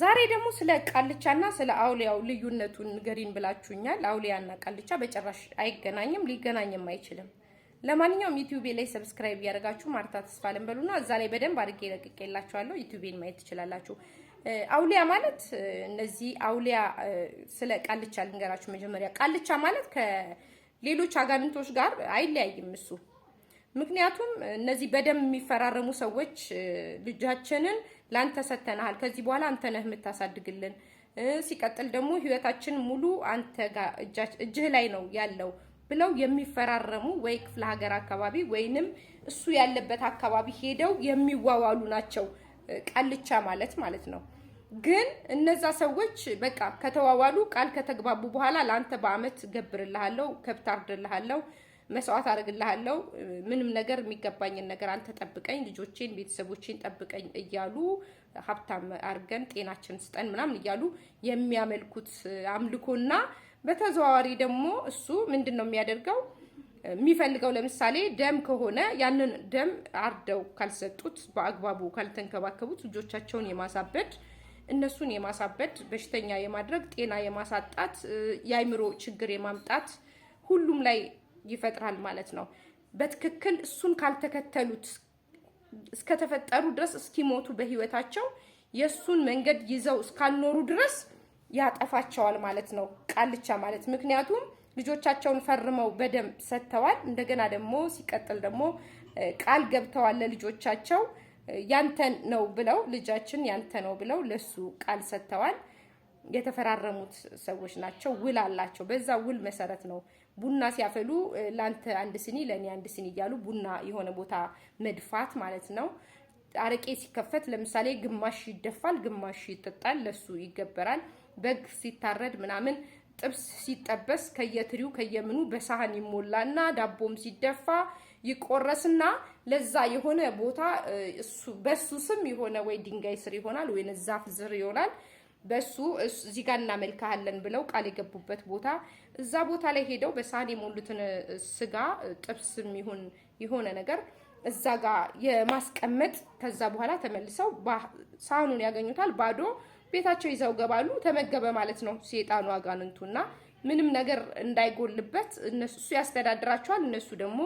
ዛሬ ደግሞ ስለ ቃልቻና ስለ አውሊያው ልዩነቱን ንገሪን ብላችሁኛል። አውሊያና ቃልቻ በጭራሽ አይገናኝም፣ ሊገናኝም አይችልም። ለማንኛውም ዩቲዩቤ ላይ ሰብስክራይብ ያደርጋችሁ ማርታ ተስፋ ለምበሉና እዛ ላይ በደንብ አድርጌ ለቅቄላችኋለሁ። ዩቲዩቤን ማየት ትችላላችሁ። አውሊያ ማለት እነዚህ አውሊያ ስለ ቃልቻ ልንገራችሁ መጀመሪያ። ቃልቻ ማለት ከሌሎች አጋንንቶች ጋር አይለያይም እሱ ምክንያቱም እነዚህ በደም የሚፈራረሙ ሰዎች ልጃችንን ላንተ ሰተናሃል። ከዚህ በኋላ አንተ ነህ የምታሳድግልን። ሲቀጥል ደግሞ ህይወታችን ሙሉ አንተ ጋር እጅህ ላይ ነው ያለው ብለው የሚፈራረሙ ወይ ክፍለ ሀገር አካባቢ ወይንም እሱ ያለበት አካባቢ ሄደው የሚዋዋሉ ናቸው። ቃልቻ ማለት ማለት ነው። ግን እነዛ ሰዎች በቃ ከተዋዋሉ ቃል ከተግባቡ በኋላ ለአንተ በአመት እገብርልሃለሁ ከብት አርድልሃለሁ መስዋዕት አደርግልሃለሁ፣ ምንም ነገር የሚገባኝን ነገር አንተ ጠብቀኝ፣ ልጆቼን፣ ቤተሰቦቼን ጠብቀኝ እያሉ ሀብታም አድርገን ጤናችን ስጠን ምናምን እያሉ የሚያመልኩት አምልኮና በተዘዋዋሪ ደግሞ እሱ ምንድን ነው የሚያደርገው የሚፈልገው ለምሳሌ ደም ከሆነ ያንን ደም አርደው ካልሰጡት በአግባቡ ካልተንከባከቡት ልጆቻቸውን የማሳበድ እነሱን የማሳበድ በሽተኛ የማድረግ ጤና የማሳጣት የአይምሮ ችግር የማምጣት ሁሉም ላይ ይፈጥራል ማለት ነው። በትክክል እሱን ካልተከተሉት እስከተፈጠሩ ድረስ እስኪሞቱ በህይወታቸው የእሱን መንገድ ይዘው እስካልኖሩ ድረስ ያጠፋቸዋል ማለት ነው ቃልቻ ማለት ምክንያቱም ልጆቻቸውን ፈርመው በደንብ ሰጥተዋል። እንደገና ደግሞ ሲቀጥል ደግሞ ቃል ገብተዋል ለልጆቻቸው ያንተን ነው ብለው ልጃችን ያንተ ነው ብለው ለሱ ቃል ሰጥተዋል። የተፈራረሙት ሰዎች ናቸው። ውል አላቸው። በዛ ውል መሰረት ነው ቡና ሲያፈሉ ለአንተ አንድ ስኒ ለእኔ አንድ ስኒ እያሉ ቡና የሆነ ቦታ መድፋት ማለት ነው። አረቄ ሲከፈት ለምሳሌ ግማሽ ይደፋል፣ ግማሽ ይጠጣል፣ ለሱ ይገበራል። በግ ሲታረድ ምናምን ጥብስ ሲጠበስ ከየትሪው ከየምኑ በሳህን ይሞላና ዳቦም ሲደፋ ይቆረስና ለዛ የሆነ ቦታ በሱ ስም የሆነ ወይ ድንጋይ ስር ይሆናል ወይ ዛፍ ስር ይሆናል። በሱ እዚህ ጋር እናመልካለን ብለው ቃል የገቡበት ቦታ እዛ ቦታ ላይ ሄደው በሳህን የሞሉትን ስጋ ጥብስም ይሁን የሆነ ነገር እዛ ጋር የማስቀመጥ ከዛ በኋላ ተመልሰው ሳህኑን ያገኙታል ባዶ ቤታቸው ይዘው ገባሉ። ተመገበ ማለት ነው ሴጣኑ አጋንንቱ እና ምንም ነገር እንዳይጎልበት እሱ ያስተዳድራቸዋል፣ እነሱ ደግሞ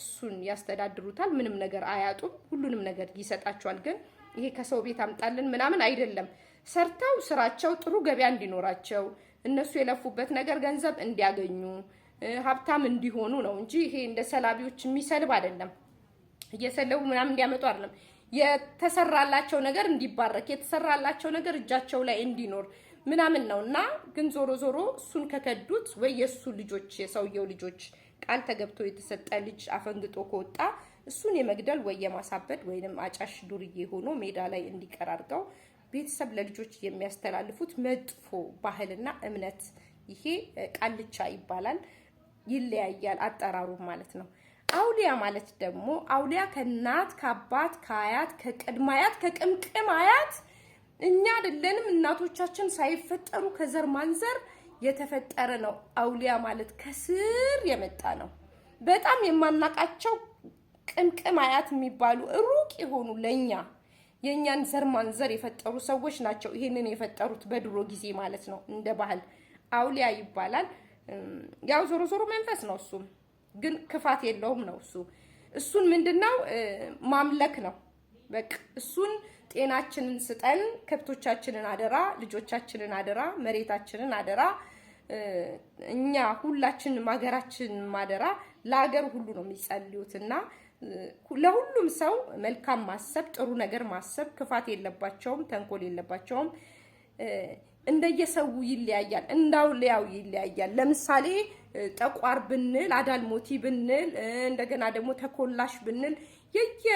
እሱን ያስተዳድሩታል። ምንም ነገር አያጡም፣ ሁሉንም ነገር ይሰጣቸዋል። ግን ይሄ ከሰው ቤት አምጣልን ምናምን አይደለም። ሰርተው ስራቸው ጥሩ ገበያ እንዲኖራቸው እነሱ የለፉበት ነገር ገንዘብ እንዲያገኙ ሀብታም እንዲሆኑ ነው እንጂ ይሄ እንደ ሰላቢዎች የሚሰልብ አይደለም። እየሰለቡ ምናምን እንዲያመጡ አይደለም። የተሰራላቸው ነገር እንዲባረክ፣ የተሰራላቸው ነገር እጃቸው ላይ እንዲኖር ምናምን ነው እና ግን ዞሮ ዞሮ እሱን ከከዱት ወይ የእሱ ልጆች የሰውየው ልጆች ቃል ተገብቶ የተሰጠ ልጅ አፈንግጦ ከወጣ እሱን የመግደል ወይ የማሳበድ ወይንም አጫሽ ዱርዬ ሆኖ ሜዳ ላይ እንዲቀራርገው ቤተሰብ ለልጆች የሚያስተላልፉት መጥፎ ባህልና እምነት ይሄ ቃልቻ ይባላል። ይለያያል አጠራሩ ማለት ነው። አውሊያ ማለት ደግሞ አውሊያ ከእናት ከአባት ከአያት ከቅድመ አያት ከቅምቅም አያት እኛ አይደለንም እናቶቻችን ሳይፈጠሩ ከዘር ማንዘር የተፈጠረ ነው። አውሊያ ማለት ከስር የመጣ ነው። በጣም የማናቃቸው ቅምቅም አያት የሚባሉ ሩቅ የሆኑ ለኛ የእኛን ዘር ማንዘር የፈጠሩ ሰዎች ናቸው ይሄንን የፈጠሩት በድሮ ጊዜ ማለት ነው። እንደ ባህል አውሊያ ይባላል። ያው ዞሮ ዞሮ መንፈስ ነው። እሱም ግን ክፋት የለውም ነው እሱ እሱን ምንድነው ማምለክ ነው። በቃ እሱን ጤናችንን ስጠን፣ ከብቶቻችንን አደራ፣ ልጆቻችንን አደራ፣ መሬታችንን አደራ፣ እኛ ሁላችንም ሀገራችንን ማደራ። ለሀገር ሁሉ ነው የሚጸልዩትና ለሁሉም ሰው መልካም ማሰብ፣ ጥሩ ነገር ማሰብ፣ ክፋት የለባቸውም፣ ተንኮል የለባቸውም። እንደየሰው ይለያያል፣ እንዳውሊያው ይለያያል። ለምሳሌ ጠቋር ብንል፣ አዳልሞቲ ብንል፣ እንደገና ደግሞ ተኮላሽ ብንል የየ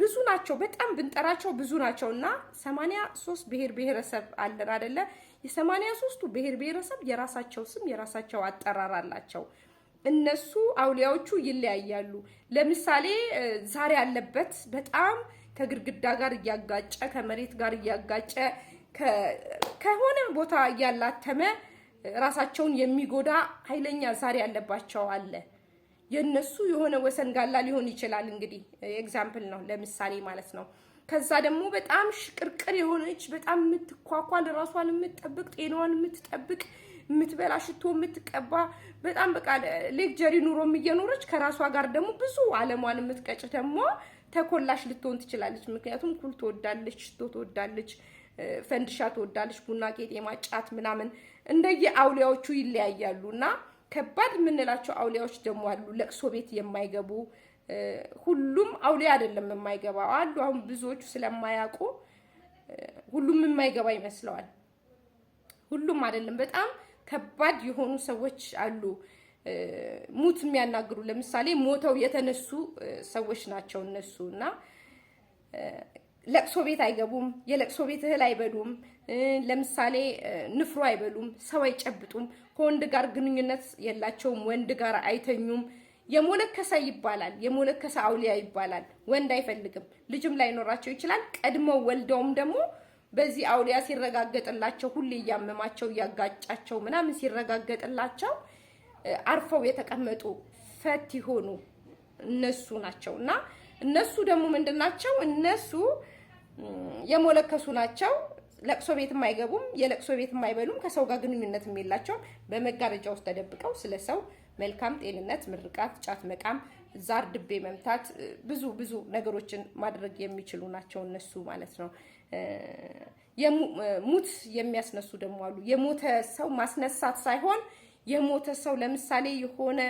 ብዙ ናቸው። በጣም ብንጠራቸው ብዙ ናቸው እና ሰማንያ ሶስት ብሔር ብሔረሰብ አለን አደለ? የሰማንያ ሶስቱ ብሔር ብሔረሰብ የራሳቸው ስም የራሳቸው አጠራር አላቸው። እነሱ አውሊያዎቹ ይለያያሉ። ለምሳሌ ዛሬ ያለበት በጣም ከግድግዳ ጋር እያጋጨ ከመሬት ጋር እያጋጨ ከሆነ ቦታ እያላተመ ራሳቸውን የሚጎዳ ኃይለኛ ዛሬ ያለባቸው አለ። የነሱ የሆነ ወሰን ጋላ ሊሆን ይችላል። እንግዲህ ኤግዛምፕል ነው፣ ለምሳሌ ማለት ነው። ከዛ ደግሞ በጣም ሽቅርቅር የሆነች በጣም የምትኳኳል ራሷን የምትጠብቅ ጤናዋን የምትጠብቅ የምትበላ ሽቶ የምትቀባ በጣም በቃ ሌክጀሪ ኑሮም እየኖረች ከራሷ ጋር ደግሞ ብዙ አለሟን የምትቀጭ ደግሞ ተኮላሽ ልትሆን ትችላለች። ምክንያቱም ኩል ትወዳለች፣ ሽቶ ትወዳለች፣ ፈንድሻ ትወዳለች፣ ቡና፣ ቄጤማ፣ ጫት ምናምን እንደየ አውሊያዎቹ ይለያያሉ እና ከባድ የምንላቸው አውሊያዎች ደግሞ አሉ። ለቅሶ ቤት የማይገቡ ሁሉም አውሊያ አይደለም የማይገባው አሉ። አሁን ብዙዎቹ ስለማያውቁ ሁሉም የማይገባ ይመስለዋል። ሁሉም አይደለም በጣም ከባድ የሆኑ ሰዎች አሉ። ሙት የሚያናግሩ ለምሳሌ ሞተው የተነሱ ሰዎች ናቸው እነሱ እና ለቅሶ ቤት አይገቡም። የለቅሶ ቤት እህል አይበሉም። ለምሳሌ ንፍሮ አይበሉም። ሰው አይጨብጡም። ከወንድ ጋር ግንኙነት የላቸውም። ወንድ ጋር አይተኙም። የሞለከሰ ይባላል። የሞለከሰ አውሊያ ይባላል። ወንድ አይፈልግም። ልጅም ላይኖራቸው ይችላል። ቀድመው ወልደውም ደግሞ በዚህ አውሊያ ሲረጋገጥላቸው ሁሌ እያመማቸው እያጋጫቸው ምናምን ሲረጋገጥላቸው አርፈው የተቀመጡ ፈት የሆኑ እነሱ ናቸው እና እነሱ ደግሞ ምንድን ናቸው? እነሱ የሞለከሱ ናቸው። ለቅሶ ቤት የማይገቡም የለቅሶ ቤት የማይበሉም ከሰው ጋር ግንኙነትም የላቸውም። በመጋረጃ ውስጥ ተደብቀው ስለ ሰው መልካም ጤንነት፣ ምርቃት፣ ጫት መቃም፣ ዛር ድቤ መምታት፣ ብዙ ብዙ ነገሮችን ማድረግ የሚችሉ ናቸው እነሱ ማለት ነው። ሙት የሚያስነሱ ደግሞ አሉ። የሞተ ሰው ማስነሳት ሳይሆን የሞተ ሰው ለምሳሌ የሆነ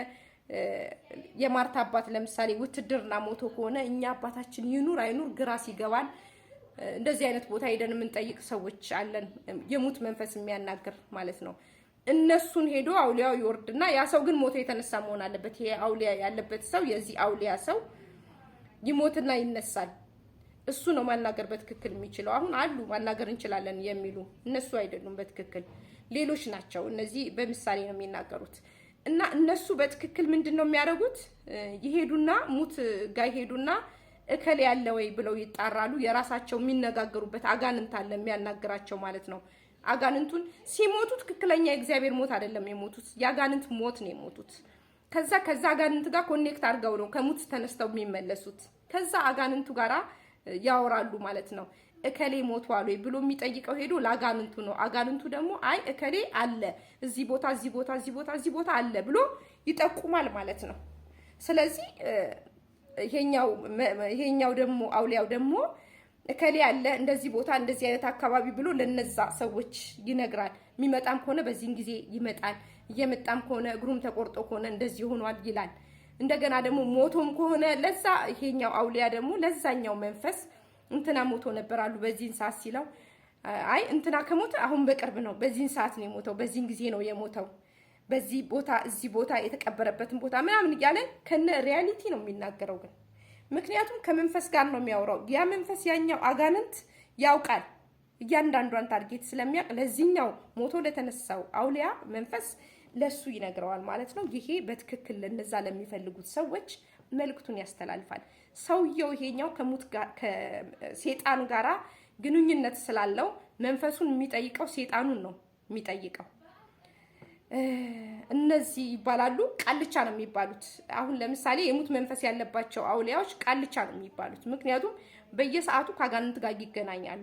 የማርታ አባት ለምሳሌ ውትድርና ሞቶ ከሆነ እኛ አባታችን ይኑር አይኑር ግራ ሲገባን እንደዚህ አይነት ቦታ ሄደን የምንጠይቅ ሰዎች አለን። የሙት መንፈስ የሚያናግር ማለት ነው። እነሱን ሄዶ አውሊያው ይወርድና ያ ሰው ግን ሞቶ የተነሳ መሆን አለበት። ይሄ አውሊያ ያለበት ሰው የዚህ አውሊያ ሰው ይሞትና ይነሳል። እሱ ነው ማናገር በትክክል የሚችለው። አሁን አሉ ማናገር እንችላለን የሚሉ እነሱ አይደሉም በትክክል ሌሎች ናቸው። እነዚህ በምሳሌ ነው የሚናገሩት። እና እነሱ በትክክል ምንድን ነው የሚያደርጉት? ይሄዱና ሙት ጋ ይሄዱና እከል ያለ ወይ ብለው ይጣራሉ። የራሳቸው የሚነጋገሩበት አጋንንት አለ የሚያናግራቸው ማለት ነው። አጋንንቱን ሲሞቱ ትክክለኛ የእግዚአብሔር ሞት አይደለም የሞቱት፣ የአጋንንት ሞት ነው የሞቱት። ከዛ ከዛ አጋንንት ጋር ኮኔክት አድርገው ነው ከሙት ተነስተው የሚመለሱት ከዛ አጋንንቱ ጋራ ያወራሉ ማለት ነው። እከሌ ሞቷል ወይ ብሎ የሚጠይቀው ሄዶ ለአጋንንቱ ነው። አጋንንቱ ደግሞ አይ እከሌ አለ እዚህ ቦታ እዚህ ቦታ እዚህ ቦታ እዚህ ቦታ አለ ብሎ ይጠቁማል ማለት ነው። ስለዚህ ይሄኛው ደግሞ አውሊያው ደግሞ እከሌ አለ እንደዚህ ቦታ እንደዚህ አይነት አካባቢ ብሎ ለነዛ ሰዎች ይነግራል። የሚመጣም ከሆነ በዚህን ጊዜ ይመጣል፣ እየመጣም ከሆነ እግሩም ተቆርጦ ከሆነ እንደዚህ ሆኗል ይላል። እንደገና ደግሞ ሞቶም ከሆነ ለዛ ይሄኛው አውሊያ ደግሞ ለዛኛው መንፈስ እንትና ሞቶ ነበር አሉ በዚህን ሰዓት ሲለው አይ እንትና ከሞተ አሁን በቅርብ ነው፣ በዚህን ሰዓት ነው የሞተው፣ በዚህን ጊዜ ነው የሞተው፣ በዚህ ቦታ እዚህ ቦታ የተቀበረበትን ቦታ ምናምን እያለ ከነ ሪያሊቲ ነው የሚናገረው። ግን ምክንያቱም ከመንፈስ ጋር ነው የሚያወራው። ያ መንፈስ ያኛው አጋንንት ያውቃል እያንዳንዷን ታርጌት ስለሚያውቅ ለዚህኛው ሞቶ ለተነሳው አውሊያ መንፈስ ለሱ ይነግረዋል ማለት ነው። ይሄ በትክክል ለነዛ ለሚፈልጉት ሰዎች መልእክቱን ያስተላልፋል። ሰውየው ይሄኛው ከሙት ጋር ከሴጣን ጋራ ግንኙነት ስላለው መንፈሱን የሚጠይቀው ሴጣኑን ነው የሚጠይቀው። እነዚህ ይባላሉ ቃልቻ ነው የሚባሉት። አሁን ለምሳሌ የሙት መንፈስ ያለባቸው አውሊያዎች ቃልቻ ነው የሚባሉት። ምክንያቱም በየሰዓቱ ከአጋንንት ጋር ይገናኛሉ።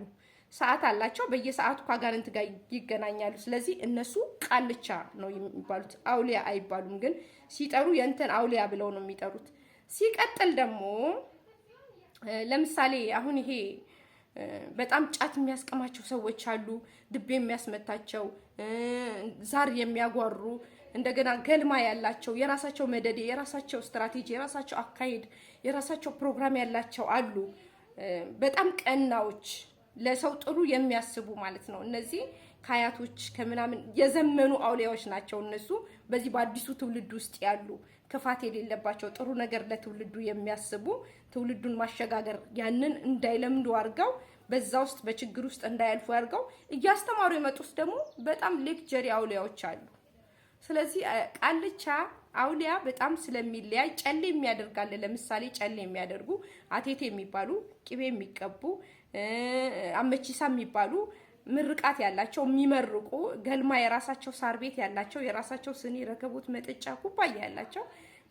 ሰዓት አላቸው። በየሰዓቱ ከአጋንንት ጋር ይገናኛሉ። ስለዚህ እነሱ ቃልቻ ነው የሚባሉት፣ አውሊያ አይባሉም። ግን ሲጠሩ የእንትን አውሊያ ብለው ነው የሚጠሩት። ሲቀጥል ደግሞ ለምሳሌ አሁን ይሄ በጣም ጫት የሚያስቀማቸው ሰዎች አሉ፣ ድቤ የሚያስመታቸው፣ ዛር የሚያጓሩ፣ እንደገና ገልማ ያላቸው፣ የራሳቸው መደዴ፣ የራሳቸው ስትራቴጂ፣ የራሳቸው አካሄድ፣ የራሳቸው ፕሮግራም ያላቸው አሉ። በጣም ቀናዎች ለሰው ጥሩ የሚያስቡ ማለት ነው። እነዚህ ከአያቶች ከምናምን የዘመኑ አውሊያዎች ናቸው። እነሱ በዚህ በአዲሱ ትውልድ ውስጥ ያሉ ክፋት የሌለባቸው ጥሩ ነገር ለትውልዱ የሚያስቡ ትውልዱን ማሸጋገር ያንን እንዳይለምዱ አድርገው በዛ ውስጥ በችግር ውስጥ እንዳያልፉ አድርገው እያስተማሩ የመጡት ደግሞ በጣም ሌክቸሪ አውሊያዎች አሉ። ስለዚህ ቃልቻ አውሊያ በጣም ስለሚለያይ ጨሌ የሚያደርጋለ ለምሳሌ ጨሌ የሚያደርጉ አቴቴ የሚባሉ ቅቤ የሚቀቡ አመቺሳ የሚባሉ ምርቃት ያላቸው የሚመርቁ ገልማ የራሳቸው ሳር ቤት ያላቸው የራሳቸው ስኒ፣ ረከቦት፣ መጠጫ፣ ኩባያ ያላቸው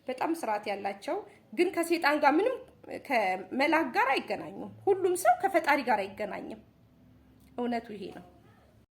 በጣም ስርዓት ያላቸው ግን ከሴጣን ጋር ምንም ከመላክ ጋር አይገናኙም። ሁሉም ሰው ከፈጣሪ ጋር አይገናኝም። እውነቱ ይሄ ነው።